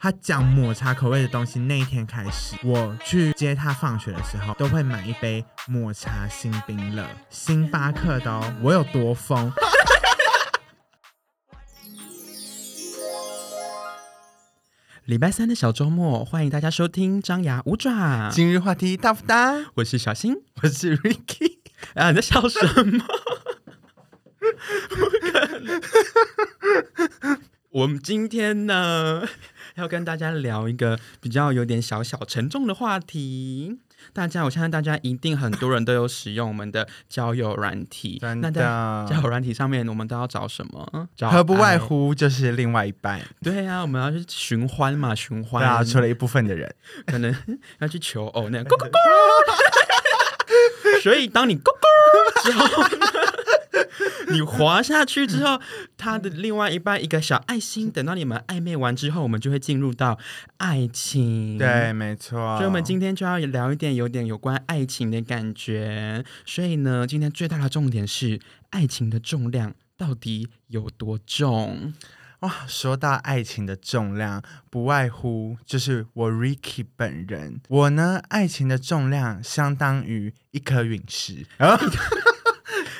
他講抹茶口味的東西，那一天開始，我去接他放學的時候，都會買一杯抹茶星冰樂，星巴克的哦。我有多瘋？禮 拜三的小周末，歡迎大家收聽《張牙舞爪》，今日話題大負擔。我是小新，我是 Ricky。啊，你在笑什麼？不可能。我們今天呢？要跟大家聊一個比較有點小小沉重的話題。大家，我相信大家一定很多人都有使用我們的交友軟體。的那在交友軟體上面，我們都要找什麼？何不外乎就是另外一半？哎、對啊，我們要去尋歡嘛，尋歡、啊。除了一部分的人，可能要去求偶，那樣咕咕咕。 所以，當你咕咕之後，你滑下去之後。他的另外一半一個小愛心，等到你們曖昧完之後，我們就會進入到愛情。對，沒錯。所以，我們今天就要聊一點，有點有關愛情的感覺。所以呢，今天最大的重點是愛情的重量到底有多重？哇、哦，說到愛情的重量，不外乎就是我 Ricky 本人。我呢，愛情的重量相當於一顆隕石。哦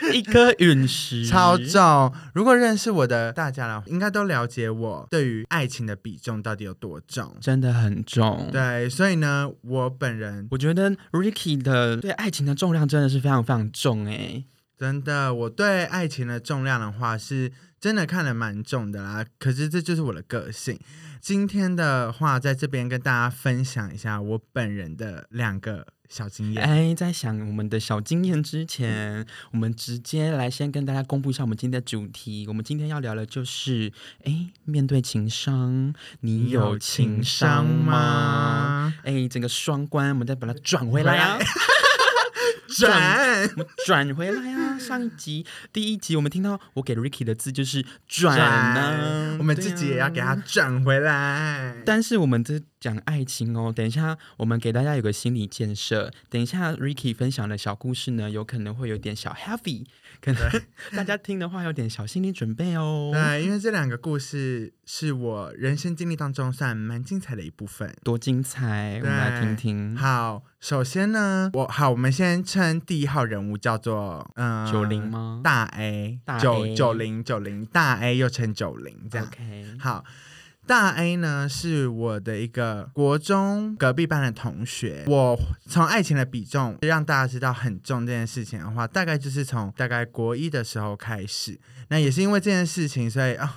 一顆隕石， 超重。如果認識我的大家了，應該都了解我對於愛情的比重到底有多重，真的很重。對，所以呢，我本人我覺得 Ricky 的對愛情的重量真的是非常非常重哎、欸，真的，我對愛情的重量的話是。真的看得蠻重的啦，可是這就是我的個性。今天的話，在這邊跟大家分享一下我本人的兩個小經驗。哎，在想我們的小經驗之前，嗯、我們直接來先跟大家公布一下我們今天的主題。我們今天要聊的就是，哎，面對情傷，你有情商嗎？商嗎哎，整個雙關，我們再把它轉回來啊。 轉，轉,我轉回來啊！ 上一集第一集我們聽到我給 Ricky 的字就是轉啊，轉啊我們自己也要給他轉回來、啊。但是我們這講愛情哦，等一下我們給大家有個心理建設，等一下 Ricky 分享的小故事呢，有可能會有點小 heavy。可能大家聽的話有點小心理準備哦。對、 呃，因為這兩個故事是我人生經歷當中算蠻精彩的一部分，多精彩，對我們來聽聽。好，首先呢，我好，我們先稱第一號人物叫做嗯九零嗎？大 A，九九零九零大 A 又稱九零，這樣 OK 好。大 A 呢，是我的一個國中隔壁班的同學。我從愛情的比重讓大家知道很重這件事情的話，大概就是從大概國一的時候開始。那也是因為這件事情，所以哦，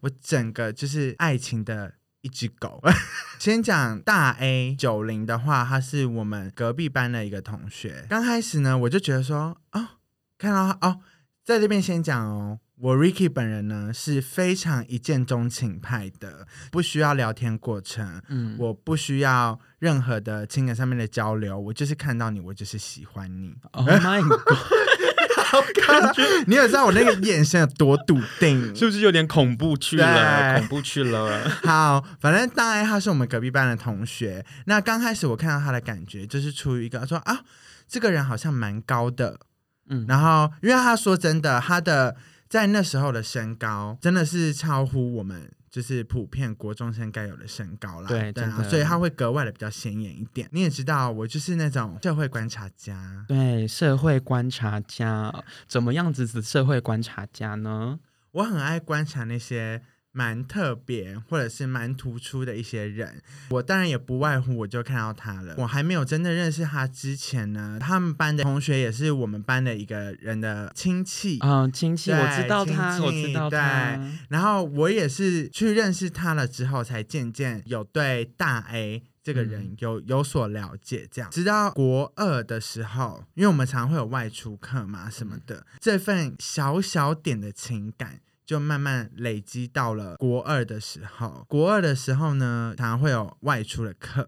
我整個就是愛情的一隻狗。 先講大 A 九零的話，他是我們隔壁班的一個同學。剛開始呢，我就覺得說哦，看到哦，在這邊先講哦。我 Ricky 本人呢是非常一見鍾情派的，不需要聊天過程，嗯，我不需要任何的情感上面的交流，我就是看到你，我就是喜歡你。Oh my God 好感覺， 你也知道我那個眼神有多篤定， 是不是有點恐怖去了？恐怖去了。好，反正當然他是我們隔壁班的同學。那剛開始我看到他的感覺，就是出於一個說啊，這個人好像蠻高的，嗯，然後因為他說真的，他的。在那時候的身高，真的是超乎我們就是普遍國中生該有的身高啦。對，對啊，真的。所以他會格外的比較顯眼一點。你也知道，我就是那種社會觀察家。對，社會觀察家怎麼樣子是社會觀察家呢？我很愛觀察那些。蠻特別或者是蠻突出的一些人，我當然也不外乎我就看到他了。我還沒有真的認識他之前呢，他們班的同學也是我們班的一個人的親戚嗯、哦，親戚，對，我知道他，親戚，我知道他。對，然後我也是去認識他了之後，才漸漸有對大 A 這個人、嗯、有有所了解。這樣，直到國二的時候，因為我們常常會有外出課嘛什麼的，這份小小點的情感，就慢慢累積到了國二的時候，國二的時候呢，常常會有外出的課。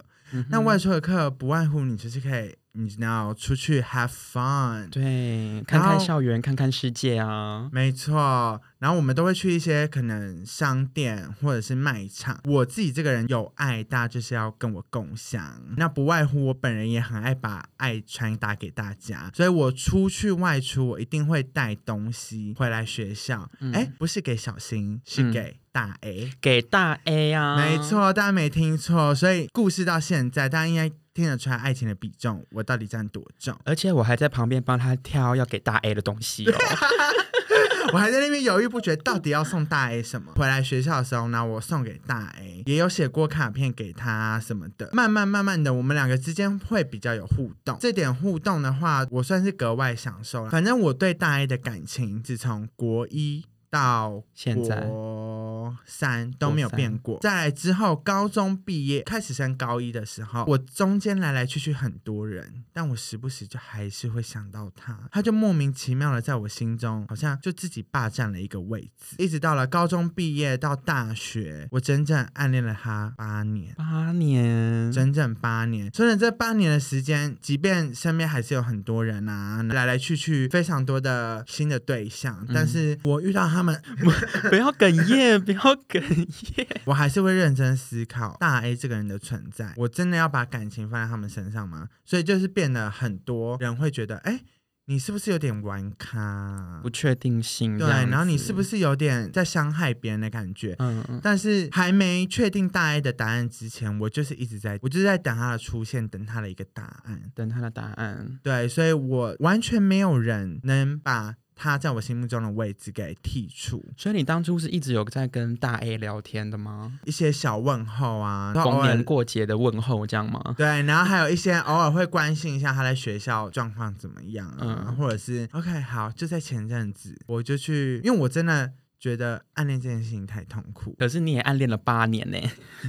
那、嗯、哼外出的課不外乎你就是可以。你要出去 have fun，對，然後看看校園，看看世界啊，沒錯。然後我們都會去一些可能商店或者是賣場。我自己這個人有愛，大家就是要跟我共享。那不外乎我本人也很愛把愛傳達給大家，所以我出去外出，我一定會帶東西回來學校。哎，嗯，不是給小新，是給大 A，嗯，給大 A 啊，沒錯，大家沒聽錯。所以故事到現在，大家應該。聽得出來，愛情的比重我到底占多重？而且我還在旁邊幫他挑要給大 A 的東西哦。 我還在那邊猶豫不決，到底要送大 A 什麼？回來學校的時候呢，然後我送給大 A 也有寫過卡片給他什麼的。慢慢慢慢的，我們兩個之間會比較有互動，這點互動的話，我算是格外享受。反正我對大 A 的感情，自從國一到現在。三都沒有變過。在三之後高中畢業開始升高一的時候，我中間來來去去很多人，但我時不時就還是會想到他，他就莫名其妙的在我心中好像就自己霸占了一個位置。一直到了高中畢業到大學，我整整暗戀了他八年，八年，整整八年。雖然這八年的時間，即便身邊還是有很多人啊，來來去去非常多的新的對象，但是我遇到他們，不要哽咽，不要。好哽咽，我還是會認真思考大 A 這個人的存在。我真的要把感情放在他們身上嗎？所以就是變得很多人會覺得，哎、欸，你是不是有點玩咖？不確定性。對，然後你是不是有點在傷害別人的感覺？嗯，嗯，嗯，但是還沒確定大 A 的答案之前，我就是一直在，我就是在等他的出現，等他的一個答案，等他的答案。對，所以我完全沒有人能把。他在我心目中的位置給剔除，所以你當初是一直有在跟大 A 聊天的嗎？一些小問候啊，逢年過節的問候這樣嗎？對，然後還有一些偶爾會關心一下他在學校狀況怎麼樣、啊，嗯，或者是 OK，好，就在前陣子，我就去，因為我真的覺得暗戀這件事情太痛苦，可是你也暗戀了八年呢，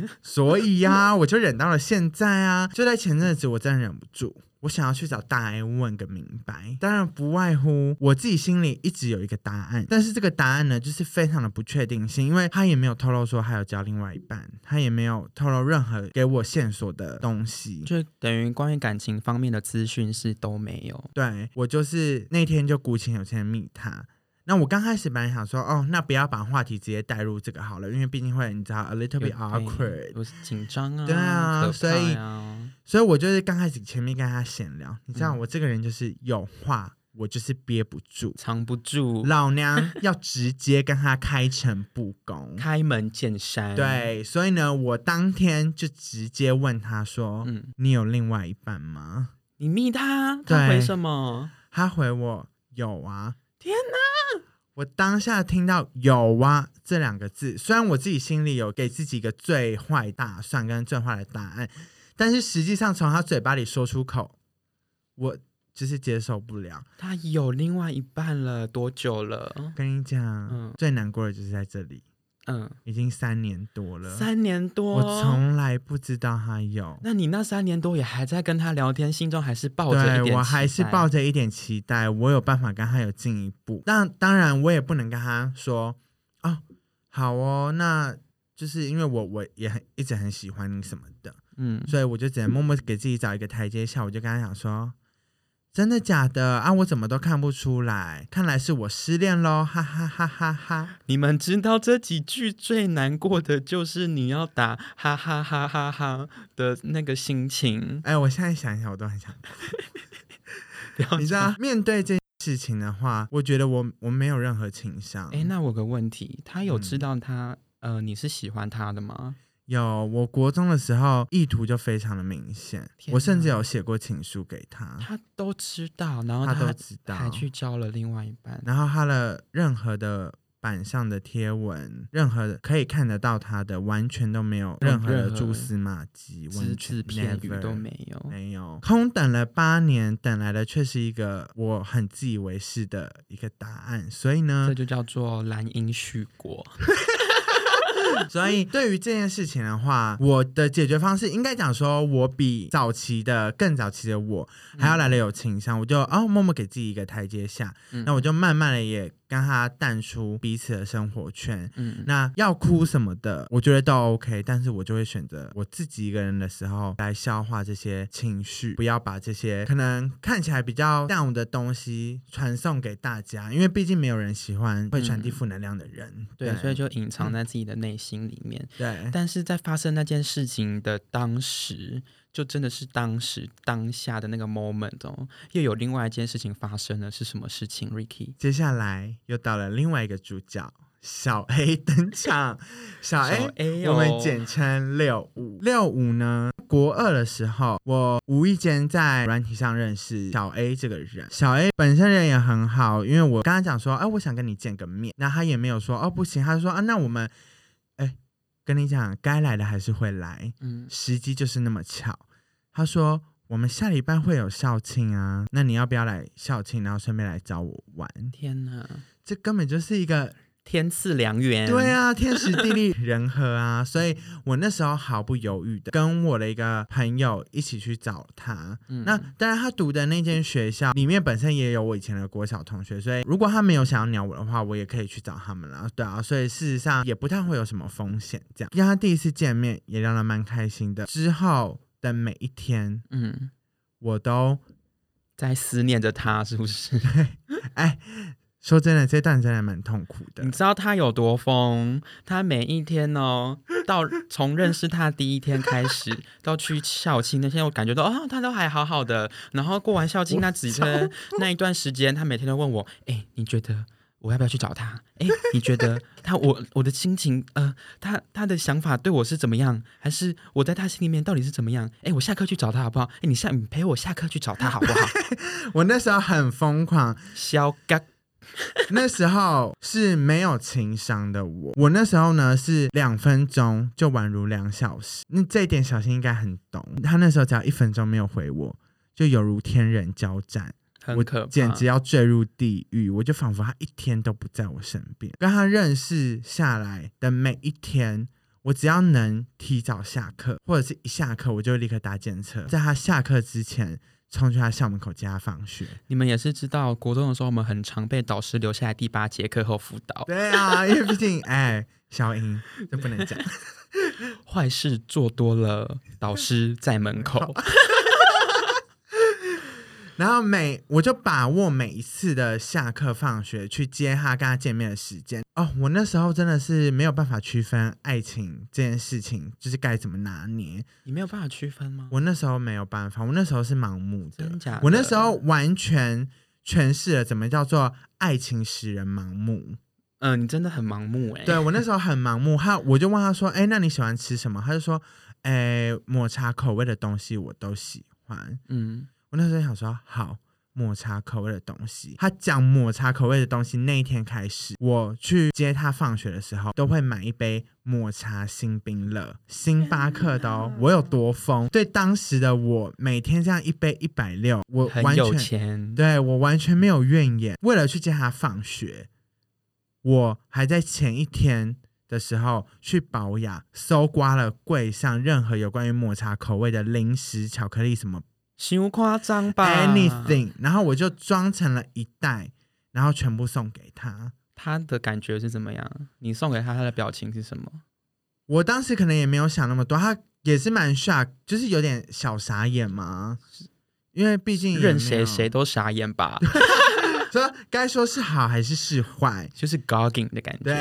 所以呀、啊，我就忍到了現在啊，就在前陣子，我真的忍不住。我想要去找大 A，問個明白，當然不外乎我自己心裡一直有一個答案，但是這個答案呢，就是非常的不確定性，因為他也沒有透露說還有交另外一半，他也沒有透露任何給我線索的東西，就等於關於感情方面的資訊是都沒有。對，我就是那天就鼓起勇氣密他。那我剛開始本來想說，哦，那不要把話題直接帶入這個好了，因為畢竟會你知道 a little bit awkward，我是緊張啊，對啊，啊所以。所以，我就是剛開始前面跟他閒聊，你知道，我這個人就是有話，嗯、我就是憋不住，藏不住，老娘要直接跟他開誠布公， 開門見山。對，所以呢，我當天就直接問他說：“嗯、你有另外一半嗎？”你密他，他回什麼？他回我有啊。天哪、啊！我當下聽到“有啊”這兩個字，雖然我自己心裡有給自己一個最壞打算跟最壞的答案。但是實際上，從他嘴巴裡說出口，我就是接受不了。他有另外一半了多久了？跟你講，嗯，最難過的就是在這裡。嗯，已經三年多了，三年多，我從來不知道他有。那你那三年多也還在跟他聊天，心中還是抱着？對，我還是抱着一點期待，我有辦法跟他有進一步。那當然，我也不能跟他說哦。好哦，那就是因為我我也很一直很喜歡你什麼的。嗯，所以我就只能默默給自己找一個台階下。我就跟他講說：“真的假的啊？我怎麼都看不出來，看來是我失戀嘍！”哈哈哈哈哈哈！你們知道這幾句最難過的，就是你要打哈哈哈哈哈哈的那個心情。哎，我現在想一想，我都很想。 不要 你知道， 面對這件事情的話，我覺得我我沒有任何情商。哎，那我個問題，他有知道他、嗯、呃你是喜歡他的嗎？有，我國中的時候意圖就非常的明顯，哪我甚至有寫過情書給他，他都知道，然後他，他都知道，還去交了另外一半，然後他的任何的版上的貼文，任何可以看得到他的，完全都沒有任何的蛛絲馬跡，隻字片語都沒有，沒有，空等了八年，等來的卻是一個我很自以為是的一個答案，所以呢，這就叫做蘭因絮果。 所以對於這件事情的話，嗯、我的解決方式應該講說，我比早期的更早期的我還要來的有情商，嗯、我就哦默默給自己一個台階下，嗯、那我就慢慢的也。讓他淡出彼此的生活圈。嗯，那要哭什麼的，我覺得都 OK，但是我就會選擇我自己一個人的時候來消化這些情緒，不要把這些可能看起來比較淡的東西傳送給大家，因為畢竟沒有人喜歡會傳遞負能量的人。嗯、對，對，所以就隱藏在自己的內心裡面。嗯、對，但是在發生那件事情的當時。就真的是當時當下的那個 moment 哦，又有另外一件事情發生了，是什麼事情？Ricky，接下來又到了另外一個主角小 A 登場。小 A，小 A 哦，我們簡稱六五。六五呢。國二的時候，我無意間在軟體上認識小 A 這個人。小 A 本身人也很好，因為我剛剛講說，哎，啊，我想跟你見個面，那他也沒有說，哦，不行，他就說啊，那我們。跟你講，該來的還是會來，時機就是那麼巧。他說，我們下禮拜會有校慶啊，那你要不要來校慶，然後順便來找我玩？天哪，這根本就是一個。天賜良緣，對啊，天時地利人和啊， 所以我那時候毫不猶豫的跟我的一個朋友一起去找他。嗯、那當然，他讀的那間學校裡面本身也有我以前的國小同學，所以如果他沒有想要鳥我的話，我也可以去找他們了。對啊，所以事實上也不太會有什麼風險。這樣跟他第一次見面也讓他蠻開心的。之後的每一天，嗯，我都在思念着他，是不是？對，哎。 欸 說真的，這段真的還蠻痛苦的。你知道他有多瘋？他每一天哦，到從認識他第一天開始， 到去校慶那天，我感覺到哦，他都還好好的。然後過完校慶，那幾天 那一段時間，他每天都問我：哎、欸，你覺得我要不要去找他？哎、欸，你覺得他我我的心情呃，他他的想法對我是怎麼樣？還是我在他心裡面到底是怎麼樣？哎、欸，我下課去找他好不好？哎、欸，你下你陪我下課去找他好不好？ 我那時候很瘋狂，肖剛。 那時候是沒有情商的我，我那時候呢是兩分鐘就宛如兩小時，那這一點小新應該很懂。他那時候只要一分鐘沒有回我，就猶如天人交戰，很可怕，我簡直要墜入地獄。我就仿佛他一天都不在我身邊，跟他認識下來的每一天，我只要能提早下課，或者是一下課我就立刻搭捷運，在他下課之前。衝去他校門口接他放學。你們也是知道，國中的時候我們很常被導師留下來第八節課後輔導。對啊，因為畢竟哎，小英就不能講，壞 事做多了，導師在門口。 然後每我就把握每一次的下課放學去接他，跟他見面的時間哦。我那時候真的是沒有辦法區分愛情這件事情，就是該怎麼拿捏。你沒有辦法區分嗎？我那時候沒有辦法，我那時候是盲目的。真假的？我那時候完全詮釋了怎麼叫做愛情使人盲目。嗯、呃，你真的很盲目哎、欸。對我那時候很盲目，他我就問他說：“哎，那你喜歡吃什麼？”他就說：“哎，抹茶口味的東西我都喜歡。”嗯。我那時候想說，好，抹茶口味的東西。他講抹茶口味的東西那一天開始，我去接他放學的時候，都會買一杯抹茶星冰樂，星巴克的哦。嗯啊、我有多瘋？對，當時的我每天這樣一杯一百六，我完全，很有錢，對，我完全沒有怨言。為了去接他放學，我還在前一天的時候去寶雅搜刮了櫃上任何有關於抹茶口味的零食、巧克力什麼。形容誇張吧，anything，然後我就裝成了一袋，然後全部送給他。他的感覺是怎麼樣？你送給他，他的表情是什麼？我當時可能也沒有想那麼多，他也是蠻傻，就是有點小傻眼嘛。因為畢竟任誰誰都傻眼吧。 所以，該、so, 說是好還是是壞，就是 gagging 的感覺。對，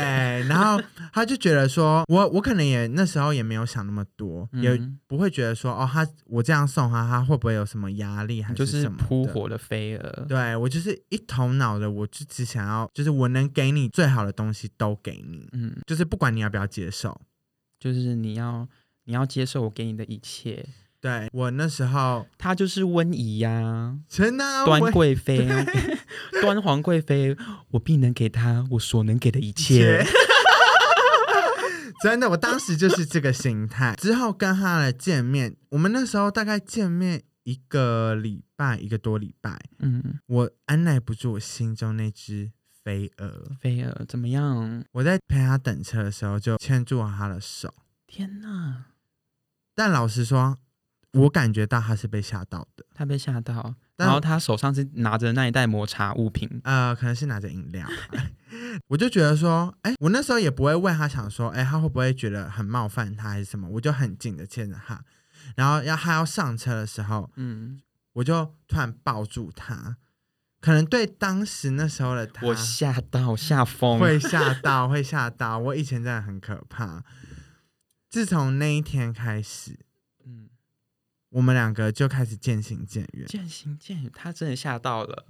然後他就覺得說， 我我可能也那時候也沒有想那麼多，嗯、也不會覺得說哦，他我這樣送他，他會不會有什麼壓力還是什麼的。就是撲火的飛蛾。對，我就是一頭腦的，我就只想要，就是我能給你最好的東西都給你。嗯，就是不管你要不要接受，就是你要你要接受我給你的一切。對我那時候，他就是溫宜呀，真的，端貴妃，對 端皇貴妃，我必能給她我所能給的一切。真的，我當時就是這個心態，之後跟他來見面，我們那時候大概見面一個禮拜，一個多禮拜。嗯，我按捺不住我心中那隻飛蛾。飛蛾怎麼樣？我在陪他等車的時候，就牽住了他的手。天哪！但老實說。我感覺到他是被嚇到的，他被嚇到，但然後他手上是拿着那一袋抹茶物品，呃，可能是拿着飲料， 我就覺得說，哎、欸，我那時候也不會問他，想說，哎、欸，他會不會覺得很冒犯他還是什麼，我就很緊的牽着他，然後要他要上車的時候，嗯，我就突然抱住他，可能對當時那時候的他，我嚇到嚇瘋， 會嚇到會嚇到，我以前真的很可怕，自從那一天開始。我們兩個就開始漸行漸遠，漸行漸遠。他真的嚇到了，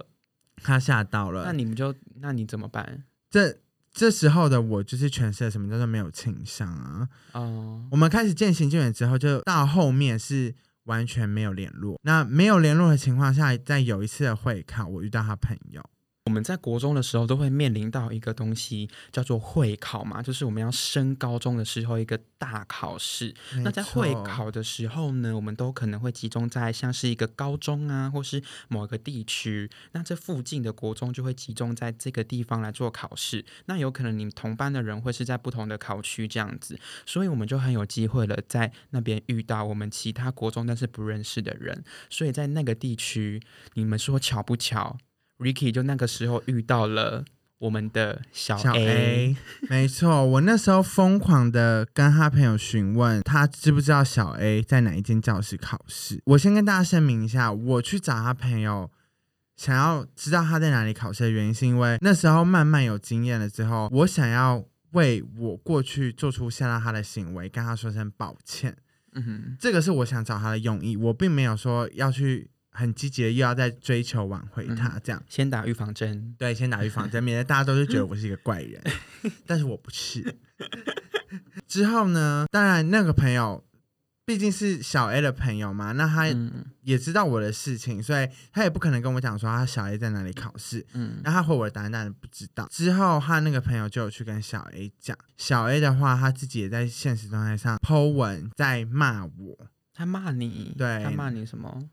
他嚇到了。 那你們就，那你怎麼辦？這這時候的我就是詮釋了什麼叫做沒有情商啊！哦，我們開始漸行漸遠之後，就到後面是完全沒有聯絡。那沒有聯絡的情況下，在有一次的會考，我遇到他朋友。我們在國中的時候都會面臨到一個東西叫做會考嘛，就是我們要升高中的時候一個大考試。沒錯。那在會考的時候呢，我們都可能會集中在像是一個高中啊，或是某個地區。那這附近的國中就會集中在這個地方來做考試。那有可能你們同班的人會是在不同的考區這樣子，所以我們就很有機會了，在那邊遇到我們其他國中但是不認識的人。所以在那個地區，你們說巧不巧？Ricky 就那個時候遇到了我們的小 A，小 A 沒錯，我那時候瘋狂的跟他朋友詢問，他知不知道小 A 在哪一間教室考試。我先跟大家聲明一下，我去找他朋友，想要知道他在哪裡考試的原因，是因為那時候慢慢有經驗了之後，我想要為我過去做出嚇到他的行為，跟他說聲抱歉。嗯哼，這個是我想找他的用意，我並沒有說要去。很積極的，又要再追求挽迴他，嗯、這樣先打預防針，對，先打預防針，免得 大家都是覺得我是一個怪人， 但是我不是。 之後呢，當然那個朋友畢竟是小 A 的朋友嘛，那他也知道我的事情，嗯、所以他也不可能跟我講說他小 A 在哪裡考試。嗯，那他回我的答案，當然不知道。之後他那個朋友就有去跟小 A 講，小 A 的話他自己也在現實狀態上 po 文在罵我，他罵你，對，他罵你什麼？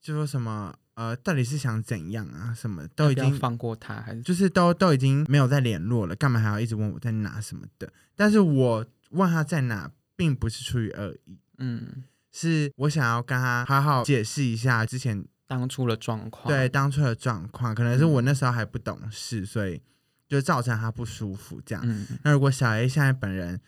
就說什麼呃，到底是想怎樣啊？什麼都已經放過他，還是就是都都已經沒有再聯絡了？幹嘛還要一直問我在哪什麼的？但是我問他在哪，並不是出於惡意，嗯，是我想要跟他好好解釋一下之前當初的狀況。對，當初的狀況可能是我那時候還不懂事，嗯、所以就造成他不舒服這樣。嗯、那如果小 A 現在本人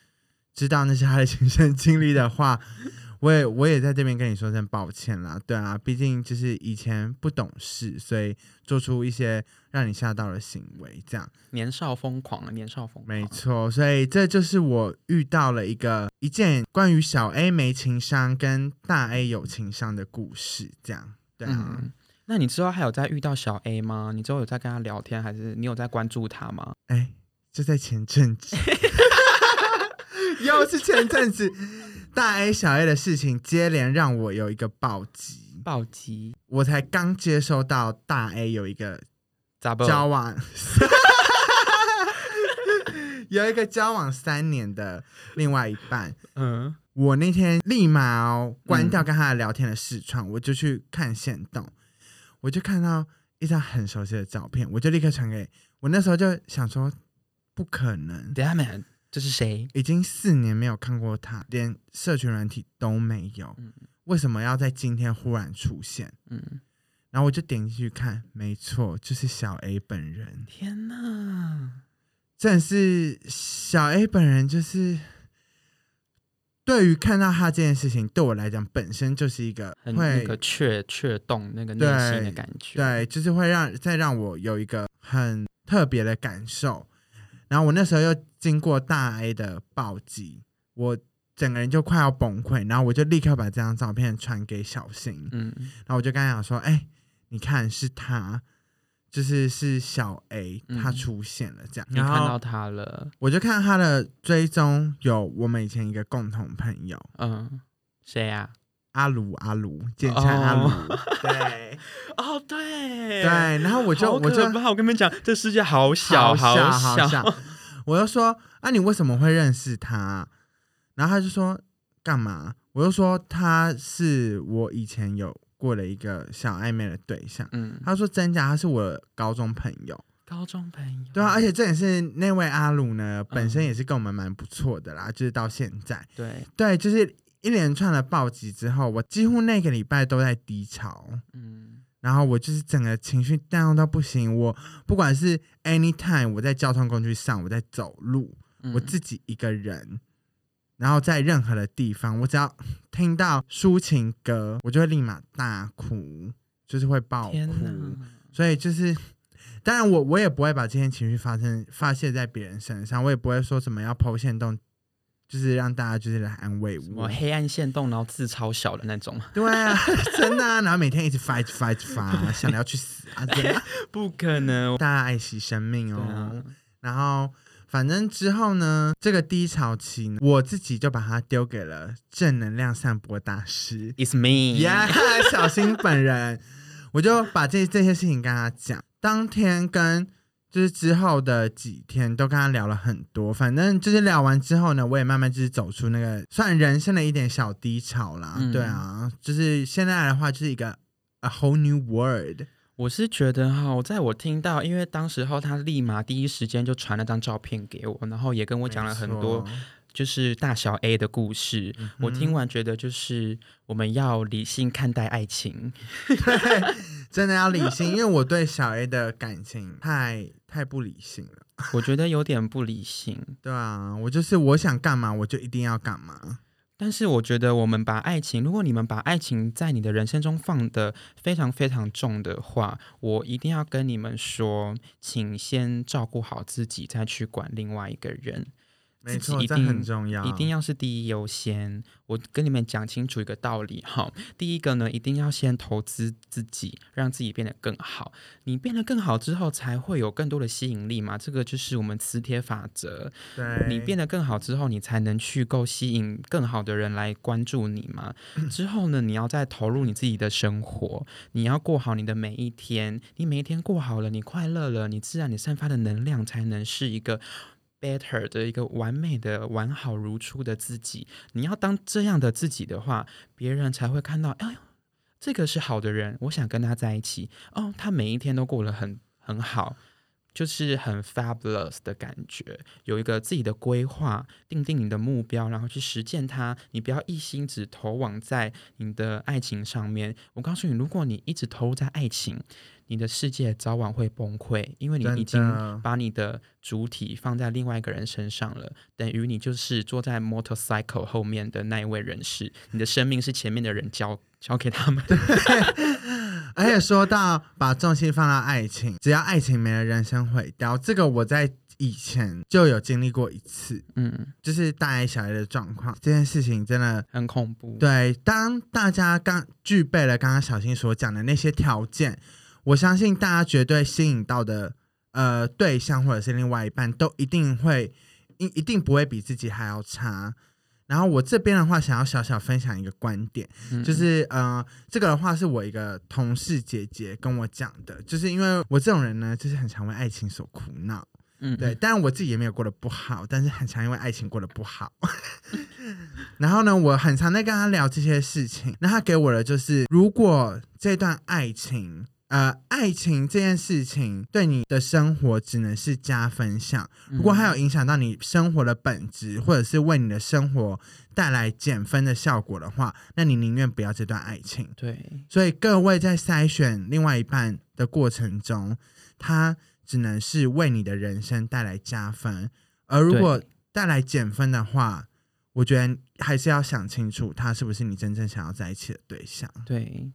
知道那是他的親身經歷的話。 我也我也在這邊跟你說聲抱歉啦，對啊，畢竟就是以前不懂事，所以做出一些讓你嚇到的行為，這樣。年少瘋狂啊，年少瘋狂，沒錯，所以這就是我遇到了一個一件關於小 A 沒情商跟大 A 有情商的故事，這樣對啊、嗯。那你之後還有在遇到小 A 嗎？你之後有在跟他聊天，還是你有在關注他嗎？哎、欸，就在前陣子， 又是前陣子。大 A 小 A 的事情接連讓我有一個暴擊，暴擊擊！我才剛接收到大 A 有一個交往咋不， 有一個交往三年的另外一半，嗯，我那天立馬、喔、關掉跟他的聊天的視窗，嗯、我就去看限動，我就看到一張很熟悉的照片，我就立刻傳給我那時候就想說，不可能這是誰？已經四年沒有看過他，連社群軟體都沒有。嗯，為什麼要在今天忽然出現？嗯，然後我就點進去看，沒錯，就是小 A 本人。天哪！真的是小 A 本人，就是對於看到他這件事情，對我來講本身就是一個會很那個確確動那個內心的感覺，對，對，就是會讓再讓我有一個很特別的感受。然後我那時候又經過大 A 的暴擊，我整個人就快要崩潰，然後我就立刻把這張照片傳給小新，嗯，然後我就跟他講說，哎、欸，你看是他，就是是小 A，、嗯、他出現了，這樣，然後我看到他了，我就看他的追蹤有我們以前一個共同朋友，嗯，誰呀、啊？阿魯，阿魯，簡稱阿魯，oh. 對，哦，oh, 對，對，然後我就我就不好，我跟他們講，這世界好小，好小，好 我就說，啊，你為什麼會認識他？然後他就說，幹嘛？我就說，他是我以前有過的一個小曖昧的對象。嗯，他就說真假？他是我高中朋友，高中朋友，對啊，而且這也是那位阿魯呢，本身也是跟我們蠻不錯的啦，嗯、就是到現在，對，對，就是。一連串的暴擊之後，我幾乎那個禮拜都在低潮，嗯，然後我就是整個情緒盪到不行。我不管是 anytime，我在交通工具上，我在走路，嗯、我自己一個人，然後在任何的地方，我只要聽到抒情歌，我就會立馬大哭，就是會爆哭。哪所以就是，當然我我也不會把這些情緒發生發洩在別人身上，我也不會說什麼要 PO 限動，就是讓大家就是來安慰我，我黑暗限動，然後字超小的那種。對啊， 真的、啊，然後每天一直 fight fight fight， 想要去死啊？ 不可能，大家愛惜生命哦。啊、然後反正之後呢，這個低潮期我自己就把它丟給了正能量散播大師。It's me，Yeah, 小新本人， 我就把這這些事情跟他講，當天跟。就是之後的幾天都跟他聊了很多，反正就是聊完之後呢，我也慢慢就是走出那個算人生的一點小低潮啦。嗯、對啊，就是現在的話就是一個 a whole new world。我是覺得哈，我在我聽到，因為當時候他立馬第一時間就傳了張照片給我，然後也跟我講了很多。就是大小 A 的故事，嗯、哼我聽完覺得就是我們要理性看待愛情，對 真的要理性，因為我對小 A 的感情太太不理性了，我覺得有點不理性，對啊，我就是我想幹嘛我就一定要幹嘛，但是我覺得我們把愛情，如果你們把愛情在你的人生中放的非常非常重的話，我一定要跟你們說，請先照顧好自己，再去管另外一個人。自己一定沒錯，這很重要，一定要是第一優先。我跟你們講清楚一個道理哈,第一個呢，一定要先投資自己，讓自己變得更好。你變得更好之後，才會有更多的吸引力嘛。這個就是我們磁鐵法則。對，你變得更好之後，你才能去夠吸引更好的人來關注你嘛。嗯、之後呢，你要再投入你自己的生活，你要過好你的每一天。你每一天過好了，你快樂了，你自然你散發的能量才能是一個。better 的一個完美的完好如初的自己，你要當這樣的自己的話，別人才會看到。哎呀，這個是好的人，我想跟他在一起。哦，他每一天都過得很很好，就是很 fabulous 的感覺。有一個自己的規劃，定定你的目標，然後去實踐它。你不要一心只投往在你的愛情上面。我告訴你，如果你一直投入在愛情，你的世界早晚會崩潰，因為你已經把你的主體放在另外一個人身上了，的等於你就是坐在 motorcycle 後面的那一位人士，你的生命是前面的人交交給他們的。 對而且說到把重心放到愛情，對只要愛情沒了，人生毀掉。這個我在以前就有經歷過一次，嗯，就是大愛小愛的狀況，這件事情真的很恐怖。對，當大家剛具備了剛剛小新所講的那些條件。我相信大家絕對吸引到的呃對象，或者是另外一半，都一定會一一定不會比自己還要差。然後我這邊的話，想要小小分享一個觀點，嗯、就是呃，這個的話是我一個同事姐姐跟我講的，就是因為我這種人呢，就是很常為愛情所苦惱。嗯，對，當然我自己也沒有過得不好，但是很常因為愛情過得不好。 然後呢，我很常在跟他聊這些事情，那他給我的就是，如果這段愛情。呃，愛情這件事情對你的生活只能是加分項。嗯。如果它有影響到你生活的本質，或者是為你的生活帶來減分的效果的話，那你寧願不要這段愛情。對，所以各位在篩選另外一半的過程中，他只能是為你的人生帶來加分。而如果帶來減分的話，對我覺得還是要想清楚，他是不是你真正想要在一起的對象。對。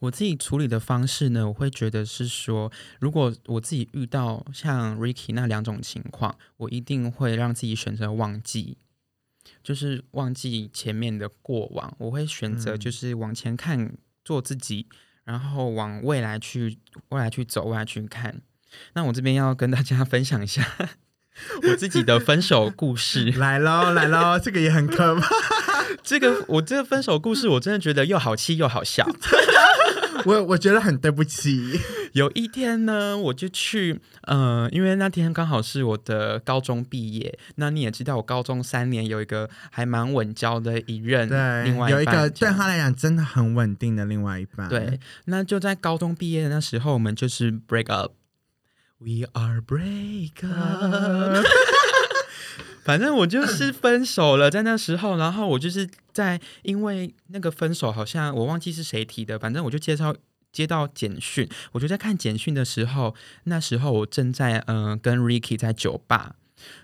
我自己處理的方式呢，我會覺得是說，如果我自己遇到像 Ricky 那兩種情況，我一定會讓自己選擇忘記，就是忘記前面的過往。我會選擇就是往前看，做自己，然後往未來去，未來去走，未來去看。那我這邊要跟大家分享一下我自己的分手故事。 來嘍，來嘍，這個也很可怕。 這個我這個分手故事，我真的覺得又好氣又好笑。 我我覺得很對不起。 有一天呢，我就去，嗯、呃，因為那天剛好是我的高中畢業。那你也知道，我高中三年有一個還蠻穩交的一任另外一，對，有一個，這樣，對他來講真的很穩定的另外一半。對，那就在高中畢業的那時候，我們就是 break up，we are break up。 反正我就是分手了，在那時候，然後我就是在因為那個分手，好像我忘記是誰提的，反正我就接到接到簡訊，我就在看簡訊的時候，那時候我正在嗯、呃、跟 Ricky 在酒吧，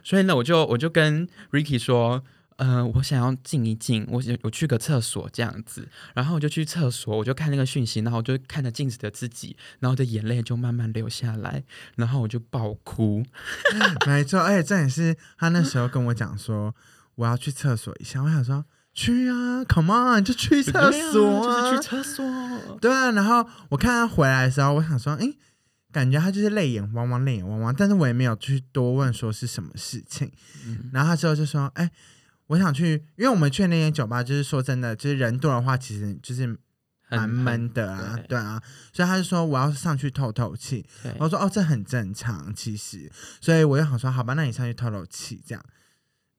所以呢，我就我就跟 Ricky 說。嗯、呃，我想要靜一靜，我我去個廁所這樣子，然後我就去廁所，我就看那個訊息，然後我就看着鏡子的自己，然後我的眼淚就慢慢流下來，然後我就爆哭。 沒錯，而且這也是他那時候跟我講說、嗯、我要去廁所一下，我想說去啊，come on，就去廁所、啊，就是去廁所。對啊，然後我看他回來的時候，我想說，哎、欸，感覺他就是淚眼汪汪，淚眼汪汪，但是我也沒有去多問說是什麼事情。嗯、然後他之後就說，哎、欸。我想去，因為我們去那間酒吧，就是說真的，就是人多的話，其實就是蠻悶的啊，對，對啊，所以他就說我要上去透透氣。對然後說哦，這很正常，其實，所以我就想說，好吧，那你上去透透氣，這樣。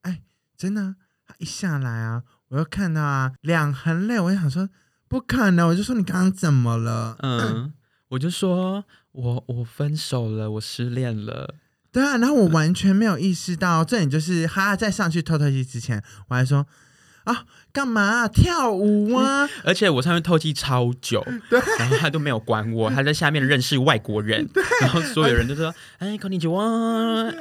哎、欸，真的，他一下來啊，我又看到啊，兩行淚，我就想說不可能，我就說你剛剛怎麼了？嗯，嗯我就說我我分手了，我失戀了。對啊，然後我完全沒有意識到，這點就是他，在上去透透氣之前，我還說啊幹嘛啊跳舞啊？而且我上面透氣超久，對，然後他都沒有管我，他在下面認識外國人，對然後所有人都說哎，Konnichiwa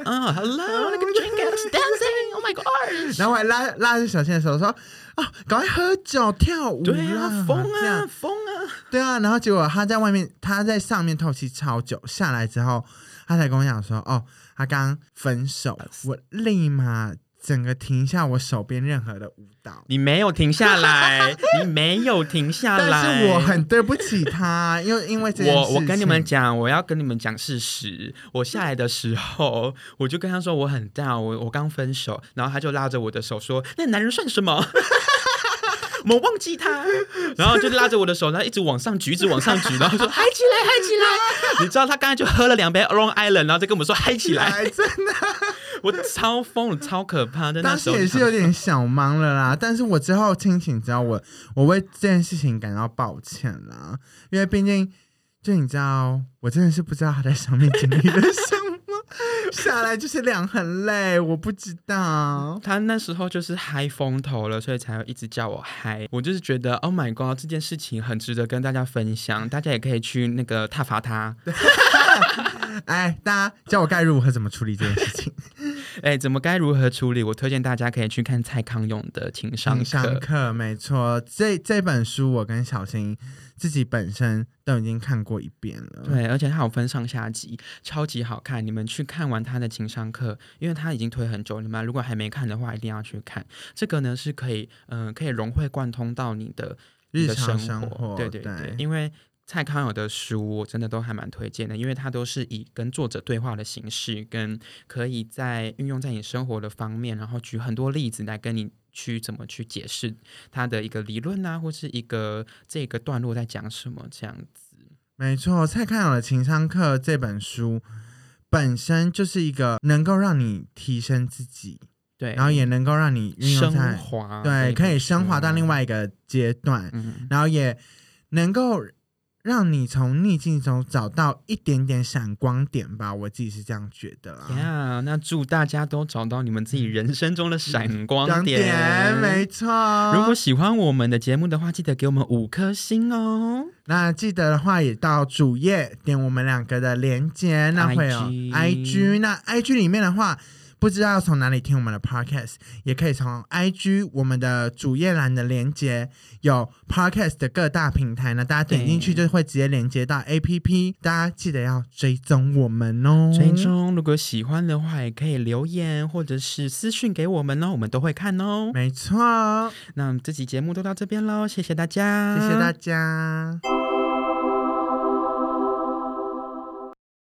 啊，hello，love drinking dancing，oh my god，然後我還拉拉着小倩的手說啊，趕快喝酒跳舞啦，瘋啊瘋啊，啊樣啊對啊，然後結果他在外面，他在上面透氣超久，下來之後，他才跟我講說哦。他剛分手，我立馬整個停下我手邊任何的舞蹈。你沒有停下來， 你沒有停下來。是我很對不起他，因為因為我我跟你們講，我要跟你們講事實。我下來的時候，我就跟他說我很大，我我剛分手。然後他就拉着我的手說：“那男人算什麼？” 我忘記他，然後就拉着我的手，然後一直往上舉，一直往上舉，然後說：“嗨起來，嗨起來！”你知道他剛才就喝了兩杯《Long Island》，然後再跟我們說：“嗨起來！”真的，我超瘋，超可怕的。那時候也是有點小忙了啦。 但是我之後清醒知道我我為這件事情感到抱歉啦，因為畢竟，就你知道，我真的是不知道他在上面經歷的事。 下來就是兩行淚，我不知道。他那時候就是嗨風頭了，所以才會一直叫我嗨。我就是覺得，Oh my God，這件事情很值得跟大家分享，大家也可以去那個撻伐他。 哎，大家叫我該如何怎麼處理這件事情？ 哎，怎麼該如何處理？我推薦大家可以去看蔡康永的情商課。情商課，嗯，沒錯，這這本書我跟小新自己本身都已經看過一遍了。對，而且它有分上下集，超級好看。你們去看完他的情商課，因為他已經推很久了嘛。如果還沒看的話，一定要去看。這個呢，是可以，嗯、呃，可以融會貫通到你的日常生活，你的生活。對對對，對。因為。蔡康永的書我真的都還蠻推薦的，因為它都是以跟作者對話的形式，跟可以在運用在你生活的方面，然後舉很多例子來跟你去怎麼去解釋它的一個理論吶、啊，或是一個這個段落在講什麼這樣子。沒錯，蔡康永的情商課這本書本身就是一個能夠讓你提升自己，對，然後也能夠讓你升華，對，可以升華到另外一個階段，嗯、然後也能夠。讓你從逆境中找到一點點閃光點吧，我自己是這樣覺得啊。Yeah, 那祝大家都找到你們自己人生中的閃光點，閃光點，沒錯。如果喜歡我們的節目的話，記得給我們五顆星哦。那記得的話，也到主頁點我們兩個的連結，那會有 I G，IG 那 I G 裡面的話。不知道從哪裡聽我們的 podcast，也可以從 IG 我們的主頁欄的連接有 podcast 的各大平台呢，那大家點進去就會直接連接到 APP，對大家記得要追蹤我們哦。追蹤，如果喜歡的話也可以留言或者是私訊給我們哦，我們都會看哦。沒錯錯，那我們這期節目就到這邊嘍，謝謝大家，謝謝大家。